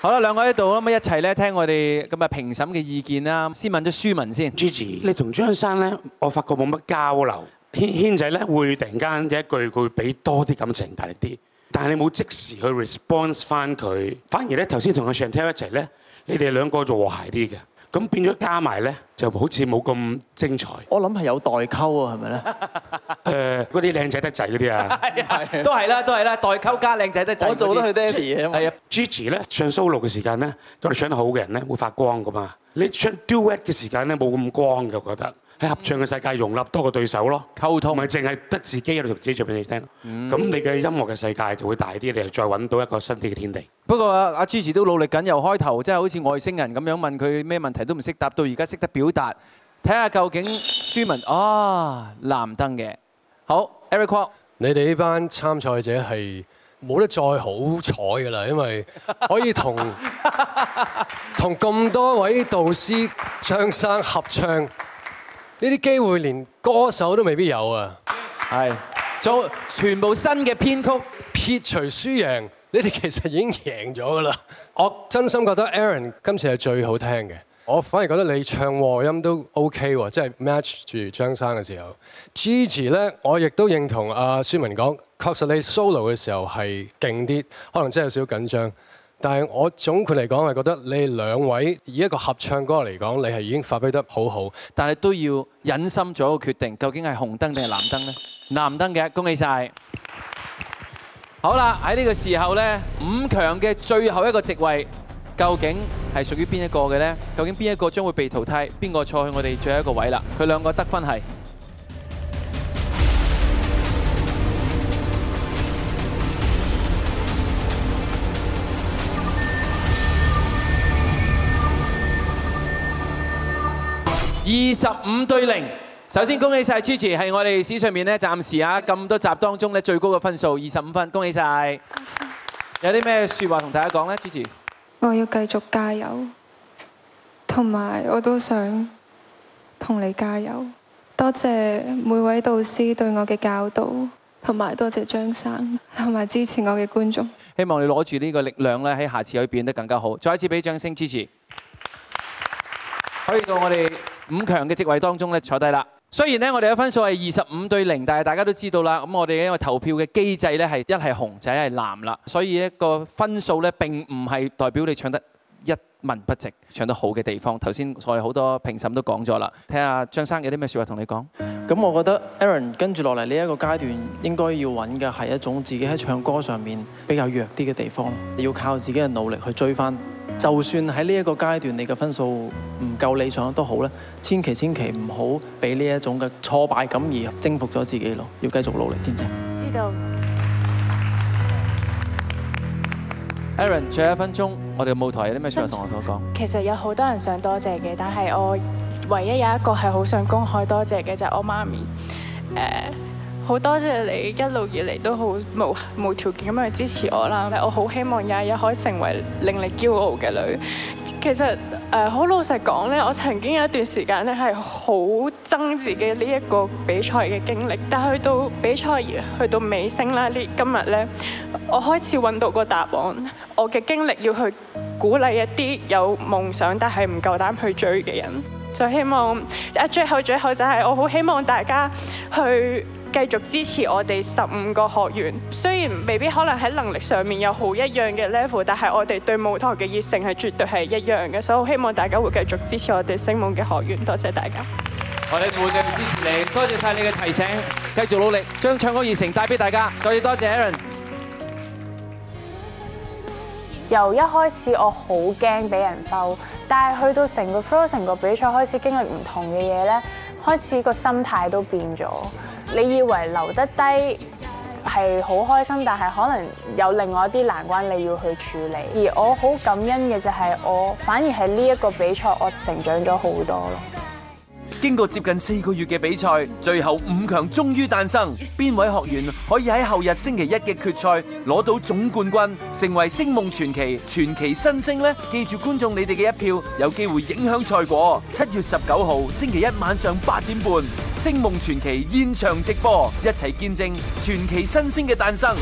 好啦，兩個喺度可唔可以一齊咧聽我哋咁啊評審嘅意見啦。先問咗舒文先，Gigi，你同張生咧，我發覺冇乜交流。軒軒仔咧會突然間一句，佢會俾多啲感情大力啲，但係你冇即時去 response 翻佢，反而咧頭先同阿 Chantelle 一齊咧，你哋兩個就和諧啲嘅。咁變咗加埋呢，就好似冇咁精彩。我諗係有代溝啊，係咪？嗰啲靚仔得滯嗰啲啊，都係啦，都係啦，代溝加靚仔得滯。我做得佢爹哋啊嘛。係啊，Gigi 呢，上 solo 嘅時間呢，都係唱得好嘅人呢，會發光㗎嘛。你唱 duet 嘅時間呢，冇咁光㗎，我覺得。喺合唱嘅世界，容納多個對手咯，溝通咪係淨係得自己一度自己唱俾、嗯、你聽。咁你嘅音樂嘅世界就會大啲，你又再搵到一個新啲嘅天地。不過阿朱子都努力緊，由開頭即係好似外星人咁樣問佢咩問題都唔識答，到而家識得表達。睇下究竟舒文，啊、哦、藍燈嘅好 Eric Kwok，你哋呢班參賽者係冇得再好彩㗎啦，因為可以同同咁多位導師張生合唱。呢啲機會連歌手都未必有啊！係做全部新嘅編曲，撇除輸贏，你哋其實已經贏咗噶啦！我真心覺得 Aaron 今次係最好聽嘅，我反而覺得你唱和音都 OK 喎，即係 match 住張生嘅時候。Gigi 咧，我亦都認同阿舒文講，確實你 solo 嘅時候係勁啲，可能真係有少少緊張。但係我總括嚟講係覺得你哋兩位以一個合唱歌嚟講，你係已經發揮得好好，但係都要忍心做一個決定，究竟係紅燈定係藍燈呢？藍燈嘅，恭喜晒！好啦，喺呢個時候呢，五強嘅最後一個席位，究竟係屬於邊一個嘅呢？究竟邊一個將會被淘汰？邊個坐喺我哋最後一個位啦？佢兩個得分係。二十五對零，首先恭喜曬 Gigi，係我哋史上面呢暫時啊咁多集當中呢最高嘅分數，二十五分，恭喜晒，謝謝。有啲咩説話同大家講咧，Gigi？我要繼續加油，同埋我都想同你加油。多謝每位導師對我嘅教導，同埋多謝張生同埋支持我嘅觀眾。希望你攞住呢個力量呢，喺下次可以變得更加好。再一次俾掌聲，Gigi！謝謝。可以到我哋。五強嘅席位當中咧，坐低啦。雖然呢，我哋嘅分數係二十五對零，但係大家都知道啦。咁我哋嘅投票嘅機制咧，係一係紅，一係藍啦。所以一個分數咧，並唔係代表你唱得一文不值，唱得好嘅地方。頭先在好多評審都講咗啦。睇下張生有啲咩説話同你講。咁我覺得 Aaron 跟住落嚟呢一個階段應該要揾嘅係一種自己喺唱歌上面比較弱啲嘅地方，要靠自己嘅努力去追翻。就算喺呢一個階段，你嘅分數唔夠理想都好啦。千祈千祈唔好俾呢一種嘅挫敗感而征服咗自己咯，要繼續努力，知唔知道？Aaron，最後一分鐘，我哋舞台有啲咩想同我講？其實有好多人想多謝嘅，但係我唯一有一個係好想公開多謝嘅就係我媽咪，呃好多謝你一路以嚟都好無無條件咁去支持我啦！我好希望有日可以成為令你驕傲嘅女。其實誒，好老實講呢，我曾經有一段時間咧，係好憎自己呢一個比賽嘅經歷，但去到比賽去到尾聲啦，呢，今日呢，我開始揾到個答案。我嘅經歷要去鼓勵一啲有夢想但係唔夠膽去追嘅人。就希望最後最後，就係我好希望大家去。繼續支持我哋十五個學員，雖然未必可能喺能力上面有好一樣嘅 level，但係我哋對舞台嘅熱誠係絕對係一樣嘅，所以我希望大家會繼續支持我哋聲夢嘅學員。多謝大家，我哋會繼續支持你。多謝晒你嘅提醒，繼續努力，將唱歌熱誠帶俾大家。再次多謝 Aaron。由一開始我好驚俾人嬲，但係去到成個 flow 成個比賽，開始經歷唔同嘅嘢咧，開始個心態都變咗。你以為留得低係好開心，但係可能有另外一啲難關你要去處理。而我好感恩嘅就係，我反而喺呢一個比賽，我成長咗好多咯。經過接近四個月嘅比賽，最後五強終於誕生。邊位學員可以喺後日星期一嘅決賽攞到總冠軍，成為聲夢傳奇傳奇新星呢？記住觀眾你哋嘅一票，有機會影響賽果。七月十九號星期一晚上八點半，聲夢傳奇現場直播，一齊見證傳奇新星嘅誕生。